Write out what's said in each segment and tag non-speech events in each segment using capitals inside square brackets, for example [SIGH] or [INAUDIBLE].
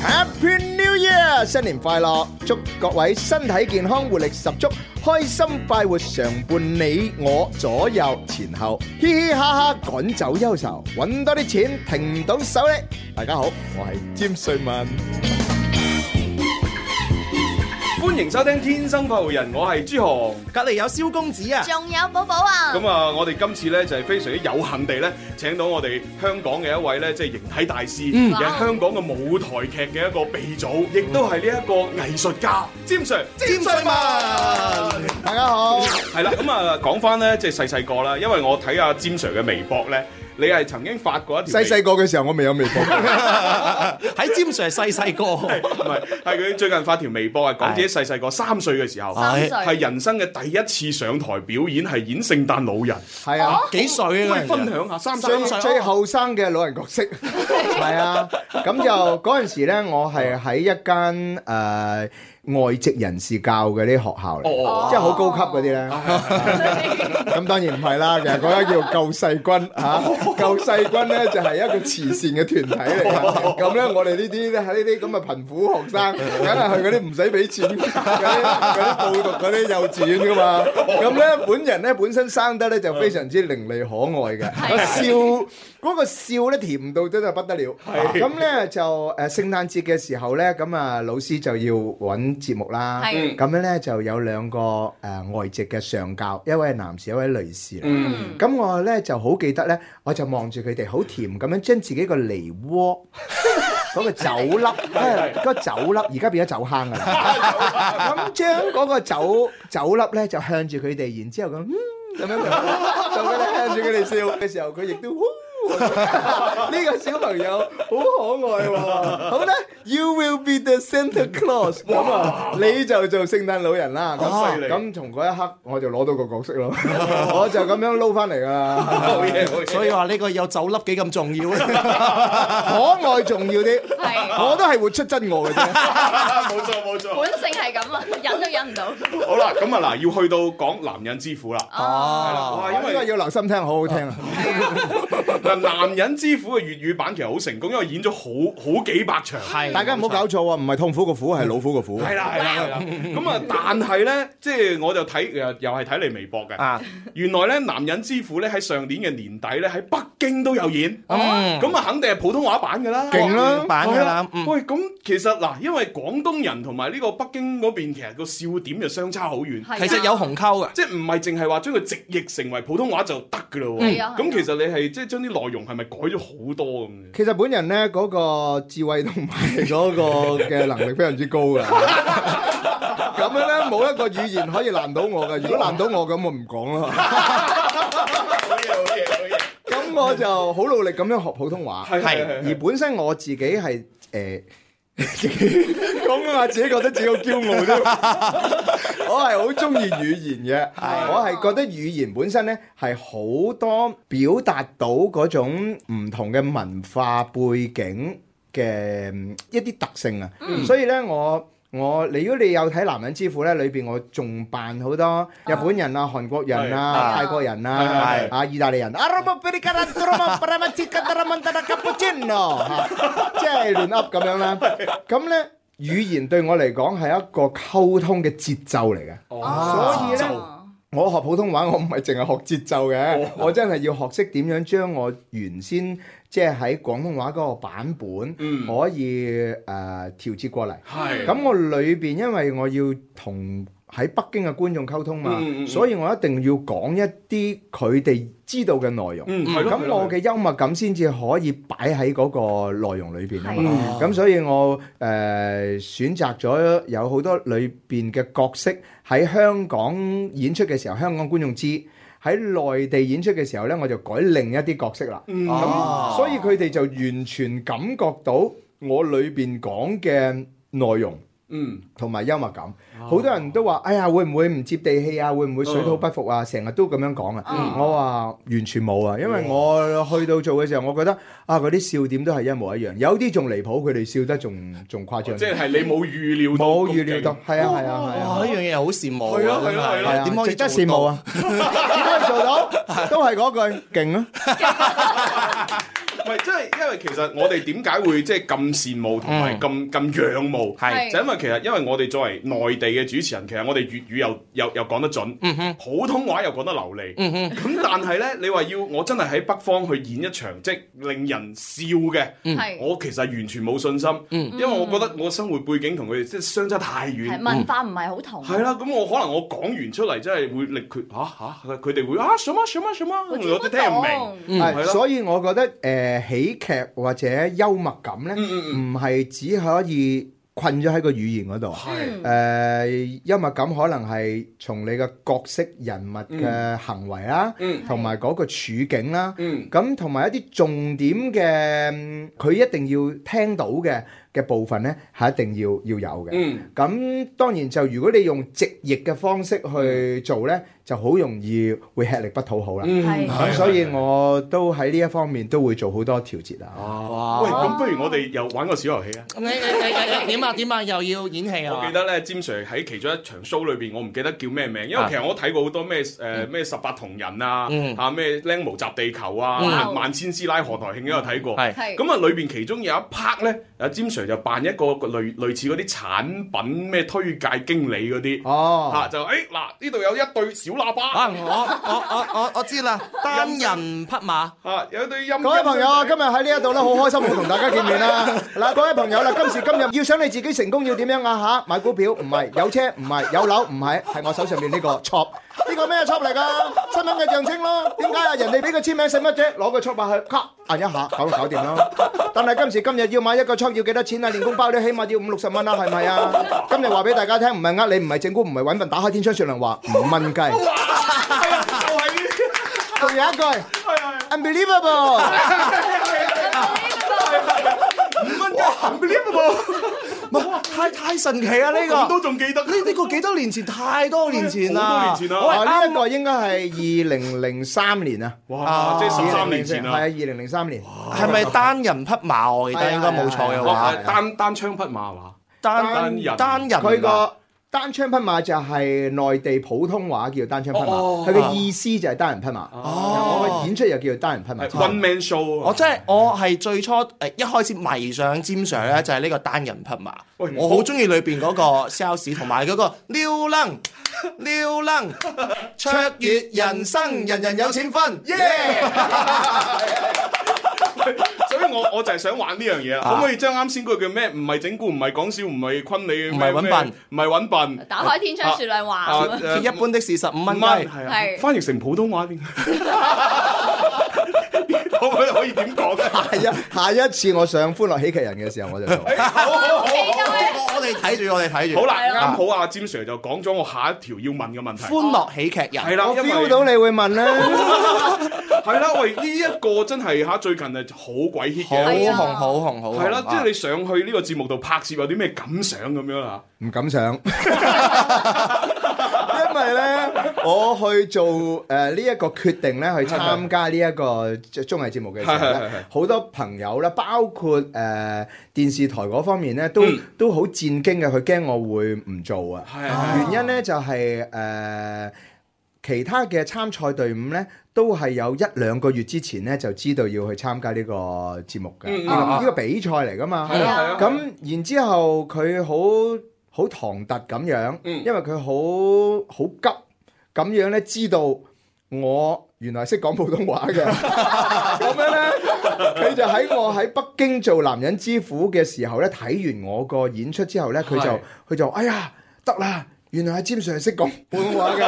Happy New Year，新年快樂！祝各位身體健康，活力十足，開心快活常伴你我左右前後，嘻嘻哈哈趕走憂愁，揾多啲錢停唔到手呢！大家好，我係詹瑞文。歡迎收聽天生發育人，我係朱浩，隔籬有蕭公子啊，仲有寶寶啊。咁啊，我哋今次咧就係、是、非常之有幸地咧，請到我哋香港嘅一位咧，即、就、係、是、形體大師，又係、嗯、香港嘅舞台劇嘅一個鼻祖，亦都係呢一個藝術家，詹 Sir，詹 Sir。大家好，係啦、嗯，咁啊，講翻咧，即係細細個啦，因為我睇阿詹 Sir 嘅微博咧，你係曾經發過一條，細細個嘅時候我未有微博，喺詹 Sir 係細細個，唔係，係佢最近發條微博啊，講自己細細個三歲嘅時候，係係人生嘅第一次上台表演，係演聖誕老人，係啊，啊，幾歲啊？分享下三歲小，三啊、最最後生嘅老人角色，係 [LAUGHS] [LAUGHS] 啊，咁就嗰陣時咧，我係喺一間誒。外籍人士教嘅啲學校嚟，哦、即係好高級嗰啲咧。咁 [LAUGHS] 當然唔係啦，其實嗰間叫救世軍嚇，啊、 [LAUGHS] 救世軍咧就係、是、一個慈善嘅團體嚟。咁咧， [LAUGHS] 我哋呢啲喺呢啲咁嘅貧苦學生，梗係去嗰啲唔使俾錢嗰啲、嗰啲報讀嗰啲幼稚園噶嘛。咁咧，本人咧本身生得咧就非常之伶俐可愛嘅，笑。 [LAUGHS] [LAUGHS] 嗰個笑咧甜到真係不得了，咁咧就誒聖誕節嘅時候咧，咁啊老師就要搵節目啦，咁樣咧就有兩個誒外籍嘅上教，一位男士一位女士，咁我咧就好記得咧，我就望住佢哋好甜咁樣將自己個梨窩嗰個酒粒，個酒粒而家變咗酒坑㗎喇，咁將嗰個酒酒粒咧就向住佢哋，然之後咁咁樣就咁樣向住佢哋笑嘅時候，佢亦都，呢個小朋友好可愛喎，好咧，You will be the Santa Claus，咁啊，你就做聖誕老人啦。咁咁從嗰一刻我就攞到個角色咯，我就咁樣撈翻嚟噶。所以話呢個有酒粒幾咁重要啊，可愛重要啲，我都係活出真我嘅啫。冇錯冇錯，本性係咁啊，忍都忍唔到。好啦，咁啊嗱，要去到講男人之苦啦。哦，哇，因為要留心聽，好好聽啊。男人之虎嘅粵語版其實好成功，因為演咗好好幾百場。大家唔好搞錯啊，唔係痛苦個苦，係老虎個虎。係啦，係啦。咁啊，但係呢，即係我就睇又係睇你微博嘅。原來呢，《男人之虎》呢，喺上年嘅年底呢，喺北京都有演。咁啊肯定係普通話版㗎啦。勁啦，版㗎啦。喂，咁其實嗱，因為廣東人同埋呢個北京嗰邊，其實個笑點就相差好遠。其實有鴻溝嘅，即係唔係淨係話將佢直譯成為普通話就得㗎咯？係咁其實你係即係將啲狼內容係咪改咗好多咁？其實本人呢，嗰、嗰個智慧同埋嗰個嘅能力非常之高㗎，咁 [LAUGHS] 樣呢，冇一個語言可以難到我嘅。如果難到我咁，我唔講咯。 [LAUGHS] [LAUGHS] 好嘢！好嘢！好嘢！咁我就好努力咁樣學普通話，係 [LAUGHS] 是而本身我自己係誒、呃、講緊話自己覺得自己好驕傲啫。 [LAUGHS] 我係好鍾意語言嘅，我係覺得語言本身咧係好多表達到嗰種唔同嘅文化背景嘅一啲特性啊，所以咧我我如果你有睇《男人之父》咧，裏邊我仲扮好多日本人啊、韓國人啊、泰國人啊、啊意大利人，即係亂 Up 咁樣啦，咁咧。語言對我嚟講係一個溝通嘅節奏嚟嘅，oh, 所以咧我學普通話我唔係淨係學節奏嘅，我，、oh. 我真係要學識點樣將我原先即係喺廣東話嗰個版本，mm. 可以誒調節過嚟。咁的我裏邊因為我要同。喺北京嘅觀眾溝通嘛，嗯、所以我一定要講一啲佢哋知道嘅內容。咁、嗯、我嘅幽默感先至可以擺喺嗰個內容裏邊啊嘛。咁的的所以我誒、呃、選擇咗有好多裏邊嘅角色喺香港演出嘅時候，香港觀眾知，喺內地演出嘅時候呢，我就改另一啲角色啦。咁、嗯啊、所以佢哋就完全感覺到我裏邊講嘅內容。嗯，同埋幽默感，好、啊、多人都話，哎呀，會唔會唔接地氣啊？會唔會水土不服啊？成日都咁樣講啊！嗯、我話完全冇啊，因為我去到做嘅時候，我覺得啊，嗰啲笑點都係一模一樣，有啲仲離譜，佢哋笑得仲仲誇張，即係你冇預料到，冇預料到，係啊係啊係啊，呢樣嘢好羨慕，係咯係咯係咯，點可以真羨慕啊？點、啊啊啊啊啊啊啊、可以做到？啊、 [LAUGHS] 做到都係嗰句，勁咯、啊！ [LAUGHS] 唔係，即係因為其實我哋點解會即係咁羨慕同埋咁咁仰慕，係就因為其實因為我哋作為內地嘅主持人，其實我哋粵語又又又講得準，嗯哼，普通話又講得流利，嗯哼，咁但係咧，你話要我真係喺北方去演一場即令人笑嘅，我其實完全冇信心，因為我覺得我生活背景同佢哋即係相差太遠，文化唔係好同，係啦，咁我可能我講完出嚟真係會力佢，嚇嚇，佢哋會啊什麼什麼什麼，我都聽唔明，係，所以我覺得誒。喜劇或者幽默感呢，唔係、嗯嗯嗯、只可以困咗喺個語言嗰度啊。幽默的、呃、感可能係從你嘅角色人物嘅行為啦、啊，同埋嗰個處境啦、啊。咁同埋一啲重點嘅，佢一定要聽到嘅。嘅部分咧係一定要要有嘅，咁、嗯、當然就如果你用直譯嘅方式去做咧，嗯、就好容易會吃力不討好啦。咁、嗯、是的 所以我都喺呢一方面都會做好多調節啦。哇！喂，咁不如我哋又玩個小遊戲、哎哎哎、啊！點啊點啊，又要演戲啊！ [LAUGHS] 我記得咧詹 sir 喺其中一場 show 裏邊，我唔記得叫咩名，因為其實我睇過好多咩誒咩十八銅人啊，嚇咩靚模襲地球啊，哇哦、萬千師奶賀台慶都有睇過，係咁啊，的裏邊其中有一 part 咧，阿詹 sir 就辦一個類類似嗰啲產品咩推介經理嗰啲，吓、哦啊、就誒嗱呢度有一對小喇叭，啊、我我我我我知啦，單人匹馬，吓、啊、有對音。各位朋友啊，今日喺呢一度咧好開心同大家見面啦、啊。嗱， [LAUGHS] 各位朋友啦，今時今日要想你自己成功要點樣啊吓？買股票唔係，有車唔係，有樓唔係，係我手上面、這、呢個錯。呢個咩刷嚟噶？新聞嘅象徵咯，點解啊？人哋俾個簽名使乜啫？攞個刷把去，咔按一下，搞就搞掂咯。但係今時今日要買一個刷要幾多錢啊？連公包你起碼要五六十蚊啦，係咪啊？今日話俾大家聽，唔係呃你，唔係整蠱，唔係揾笨，打開天窗説亮話，五蚊雞。係啊，各位，unbelievable。五蚊雞，unbelievable。太太神奇啊！呢個我都仲記得呢呢個幾多年前，太多年前啦。好多年前啦。呢一個應該係二零零三年啊！哇，即係十三年前啦。係啊，二零零三年，係咪單人匹馬，我記得應該冇錯嘅話，單單槍匹馬係嘛？單人單人佢個。單槍匹馬就係內地普通話叫做單槍匹馬，佢嘅、哦哦哦、意思就係單人匹馬。哦哦，我嘅演出又叫做單人匹馬，One Man Show。我即係我係最初誒一開始迷上詹 Sir 咧，就係呢個單人匹馬。喂我好中意裏邊嗰個 Sales 同埋嗰個撩楞撩楞，卓越人生，人人有錢分。Yeah! [LAUGHS] 我我就係想玩呢樣嘢，可唔可以將啱先嗰句叫咩？唔係整蠱，唔係講笑，唔係昆你，唔係揾笨，唔係揾笨。打開天窗說亮話，一般的事十五蚊雞，係啊，翻譯成普通話。可以可以點講咧？係啊，下一次我上《歡樂喜劇人》嘅時候，我就做。好，好好，我哋睇住，我哋睇住。好啦，啱好阿詹 Sir 就講咗我下一條要問嘅問題。《歡樂喜劇人》，係啦，我 feel 到你會問啦。係啦，喂，呢一個真係嚇最近係好鬼 hit 嘅，好紅好紅好。係啦，即係你上去呢個節目度拍攝有啲咩感想咁樣啊？唔敢想。咧， [LAUGHS] [LAUGHS] 我去做誒呢一個決定咧，去參加呢一個即係綜藝節目嘅時候咧，好 [LAUGHS] [LAUGHS] [LAUGHS] 多朋友咧，包括誒、呃、電視台嗰方面咧，都都好戰驚嘅，佢驚我會唔做 [LAUGHS] [LAUGHS] 啊？原因咧就係、是、誒、呃、其他嘅參賽隊伍咧，都係有一兩個月之前咧就知道要去參加呢個節目嘅，呢、啊啊、個，個比賽嚟噶嘛。咁然之後佢好。好唐突咁樣，因為佢好好急咁樣咧，知道我原來識講普通話嘅，咁 [LAUGHS] 樣咧，佢就喺我喺北京做男人之苦嘅時候咧，睇完我個演出之後咧，佢就佢是就，哎呀得啦。原來阿詹 sir 識講普通話嘅，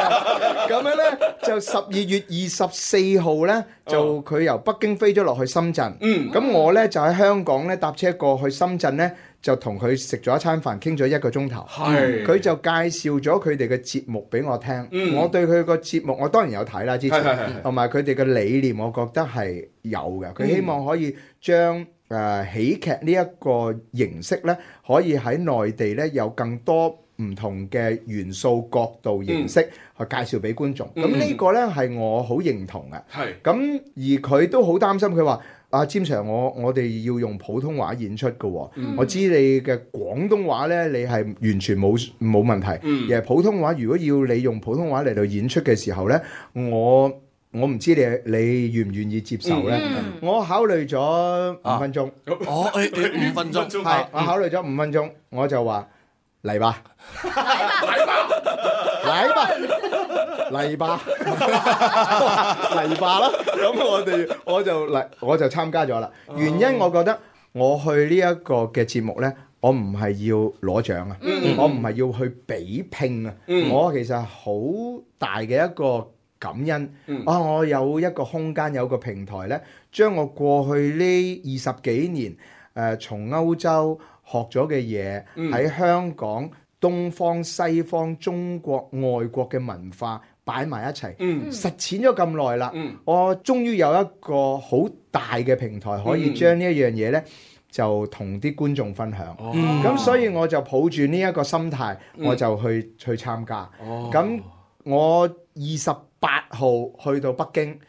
咁 [LAUGHS] 樣咧就十二月二十四號咧就佢由北京飛咗落去深圳，咁、哦、我咧就喺香港咧搭車過去深圳咧就同佢食咗一餐飯，傾咗一個鐘頭，佢是就介紹咗佢哋嘅節目俾我聽，嗯、我對佢個節目我當然有睇啦，之前同埋佢哋嘅理念，我覺得係有嘅，佢希望可以將誒、呃、喜劇呢一個形式咧，可以喺內地咧有更多。唔同嘅元素、角度、形式去介紹俾觀眾，咁呢個咧係我好認同嘅。係咁，而佢都好擔心，佢話：阿詹 Sir，我我哋要用普通話演出嘅喎。我知你嘅廣東話咧，你係完全冇冇問題。而係普通話，如果要你用普通話嚟到演出嘅時候咧，我我唔知你你願唔願意接受咧。我考慮咗五分鐘，我五分鐘係我考慮咗五分鐘，我就話。嚟吧，嚟吧，嚟吧，嚟吧，嚟吧啦！咁我哋我就嚟，我就參加咗啦。原因我覺得，我去呢一個嘅節目咧，我唔係要攞獎啊，我唔係要去比拼啊，我其實好大嘅一個感恩啊！我有一個空間，有個平台咧，將我過去呢二十幾年誒，從歐洲。學咗嘅嘢喺香港、東方、西方、中國、外國嘅文化擺埋一齊，嗯、實踐咗咁耐啦。嗯、我終於有一個好大嘅平台可以將、嗯、呢一樣嘢呢就同啲觀眾分享。咁、哦、所以我就抱住呢一個心態，我就去、嗯、去參加。咁、哦、我二十八號去到北京。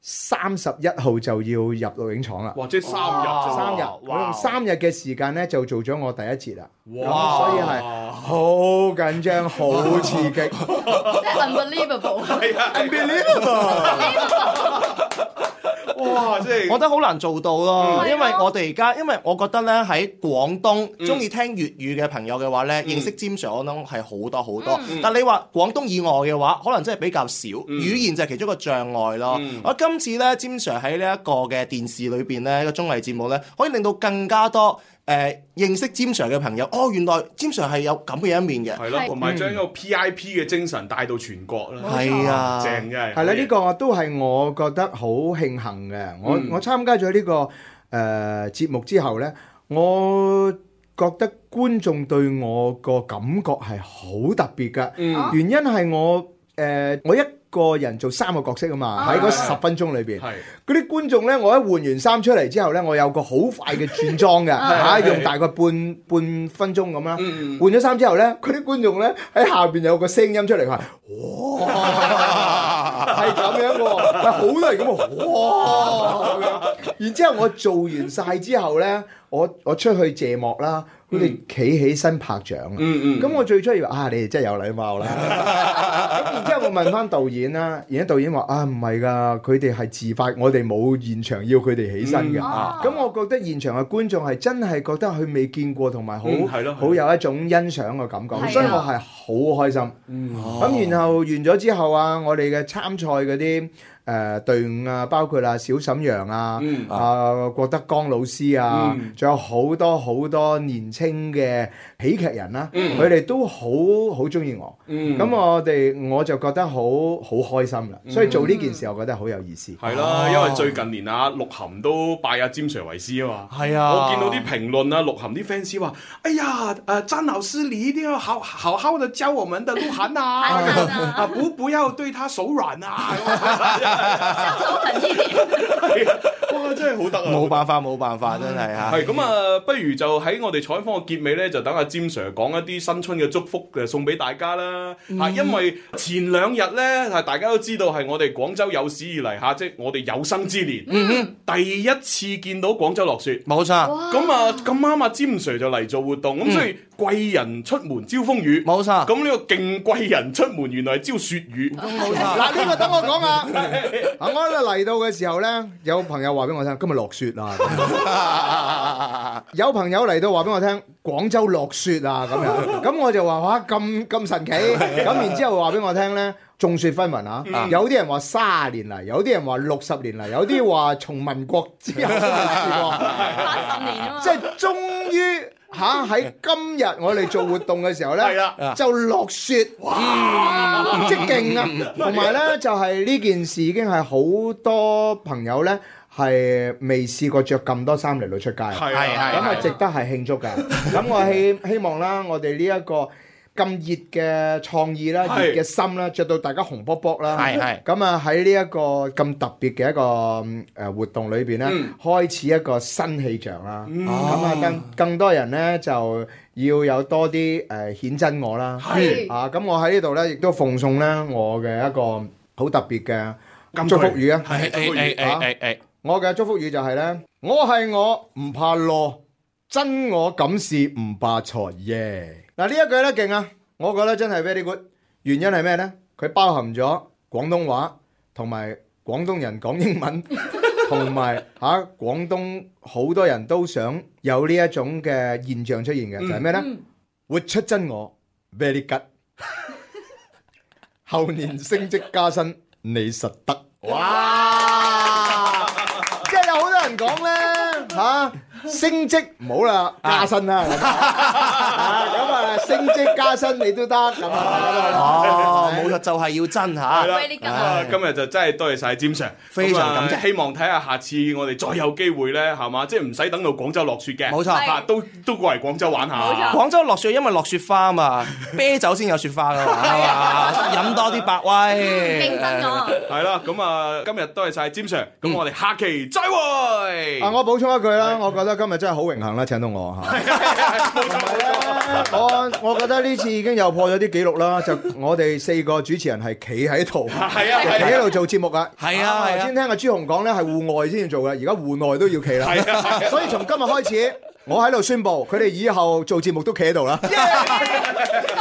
三十一號就要入錄影廠啦，或者三日，三哇日，我用三日嘅時間咧就做咗我第一次啦，哇！所以係好緊張，好刺激，即係 unbelievable，係啊，unbelievable。哇！即係，我覺得好難做到咯，嗯、因為我哋而家，因為我覺得呢喺廣東中意、嗯、聽粵語嘅朋友嘅話呢、嗯、認識尖 a m e s Hong 係好多好多。嗯、但你話廣東以外嘅話，可能真係比較少、嗯、語言就係其中一個障礙咯。嗯、我今次呢，尖 a s h o 喺呢一個嘅電視裏邊咧，這個綜藝節目呢，可以令到更加多。誒、呃、認識 James Sir 嘅朋友，哦，原來 James Sir 係有咁嘅一面嘅，係咯、啊，同埋將個 PIP 嘅精神帶到全國啦，係啊，正嘅，係啦、啊，呢、啊、個都係我覺得好慶幸嘅。我、嗯、我參加咗呢、這個誒、呃、節目之後咧，我覺得觀眾對我個感覺係好特別㗎，嗯，原因係我誒、呃、我一個人做三個角色啊嘛，喺嗰、啊、十分鐘裏邊，嗰啲的觀眾呢，我一換完衫出嚟之後呢，我有個好快嘅轉裝嘅嚇 [LAUGHS] 的、啊，用大概半半分鐘咁啦，嗯嗯換咗衫之後呢，嗰啲觀眾呢，喺下邊有個聲音出嚟話，哇！ [LAUGHS] [LAUGHS] 好 [MUSIC] 多人咁啊！哇！然之後我做完晒之後呢，我我出去謝幕啦，佢哋企起身拍掌。嗯咁、嗯、我最中意話啊，你哋真係有禮貌啦、 [LAUGHS] 啊！然之後我問翻導演啦，然之後導演話啊，唔係噶，佢哋係自發，我哋冇現場要佢哋起身嘅吓。咁、嗯啊、我覺得現場嘅觀眾係真係覺得佢未見過，同埋好好有一種欣賞嘅感覺，的所以我係好開心。咁、嗯啊、然後完咗之後啊，我哋嘅參賽嗰啲。誒、呃、隊伍啊，包括啦、啊、小沈陽啊，嗯、啊郭德綱老師啊，仲、嗯、有好多好多年輕嘅喜劇人啦、啊，佢哋、嗯、都好好中意我，咁、嗯、我哋我就覺得好好開心啦，所以做呢件事我覺得好有意思。係咯、嗯，因為最近連阿鹿晗都拜阿詹 Sir s 為師啊嘛、啊啊啊，我見到啲評論啊，鹿晗啲 fans 話，哎呀，誒、呃、詹老師你一定要好，好好好的教我們的鹿晗啊，啊不不要對他手軟啊！ [LAUGHS] [LAUGHS] 生我等之年，哇！真係好得啊，冇 [LAUGHS] 辦法冇辦法，真係吓、啊。係咁 [LAUGHS] 啊，不如就喺我哋採訪嘅結尾咧，就等阿詹 Sir 講一啲新春嘅祝福嘅送俾大家啦。吓、啊，因為前兩日咧，係大家都知道係我哋廣州有史以嚟吓、啊，即係我哋有生之年，嗯嗯，嗯第一次見到廣州落雪，冇錯錯。咁哇啊，咁啱啊，詹 Sir 就嚟做活動，咁所以。嗯貴人出門招風雨，冇錯錯。咁，呢個勁貴人出門，原來係招雪雨，冇錯。嗱、啊，呢、這個等我講 [LAUGHS] 啊。我嚟到嘅時候呢，有朋友話俾我聽，今日落雪啊。 [LAUGHS] 有朋友嚟到話俾我聽，廣州落雪啊，咁樣。咁我就話哇，咁咁神奇。咁 [LAUGHS] 然之後話俾我聽呢，眾說紛紜啊。嗯、有啲人話三十年嚟，有啲人話六十年嚟，有啲話從民國之後都未試過，八十 [LAUGHS] 年啊即係終於。嚇！喺、啊、今日我哋做活動嘅時候呢， [LAUGHS] 的就落雪，哇！哇即勁啊！同埋呢， [LAUGHS] 就係呢件事已經係好多朋友呢，係未試過着咁多衫嚟到出街，係係咁係值得係慶祝嘅。咁我希希望啦，我哋呢一個。咁熱嘅創意啦，熱嘅心啦，著到大家紅卜卜啦。咁啊喺呢一個咁特別嘅一個誒活動裏邊咧，開始一個新氣象啦。咁啊更更多人咧就要有多啲誒顯真我啦。啊咁，我喺呢度咧亦都奉送咧我嘅一個好特別嘅祝福語啊！誒誒誒誒誒，我嘅祝福語就係咧，我係我，唔怕落，真我敢試，唔怕錯耶。嗱呢一句咧勁啊，我覺得真係 very good。原因係咩呢？佢包含咗廣東話同埋廣東人講英文，同埋嚇廣東好多人都想有呢一種嘅現象出現嘅，就係咩呢？活出真我，very good。後年升職加薪，你實得。哇！即係有好多人講呢嚇。升職唔好啦，加薪啦。咁啊，升職加薪你都得咁啊。冇錯，就係要真吓。今日，就真係多謝晒詹 Sir，非常感謝。希望睇下下次我哋再有機會咧，係嘛，即係唔使等到廣州落雪嘅。冇錯，都都過嚟廣州玩下。冇錯，廣州落雪，因為落雪花啊嘛，啤酒先有雪花啦。係啊，飲多啲百威。認真係啦，咁啊，今日多謝晒詹 Sir，咁我哋下期再會。啊，我補充一句啦，我覺得。今日真係好榮幸啦，請到我嚇。係我我覺得呢次已經又破咗啲記錄啦。就我哋四個主持人係企喺度，係啊，企喺度做節目㗎。係啊。頭先聽阿朱紅講咧，係戶外先至做㗎，而家戶內都要企啦。係啊。所以從今日開始，我喺度宣布，佢哋以後做節目都企喺度啦。多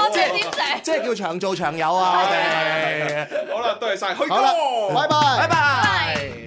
謝。點成？即係叫長做長有啊！我哋。好啦，多謝晒。許哥。好啦，拜拜。拜拜。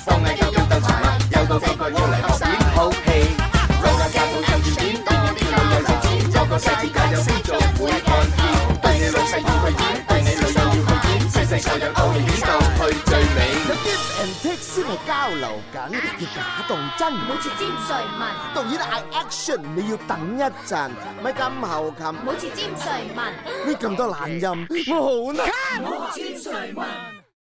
交流緊要假當真，冇似詹瑞文。導演嗌 action，你要等一陣，咪係咁後擒。冇似詹瑞文，你咁多懶音，我好難。冇似詹瑞文。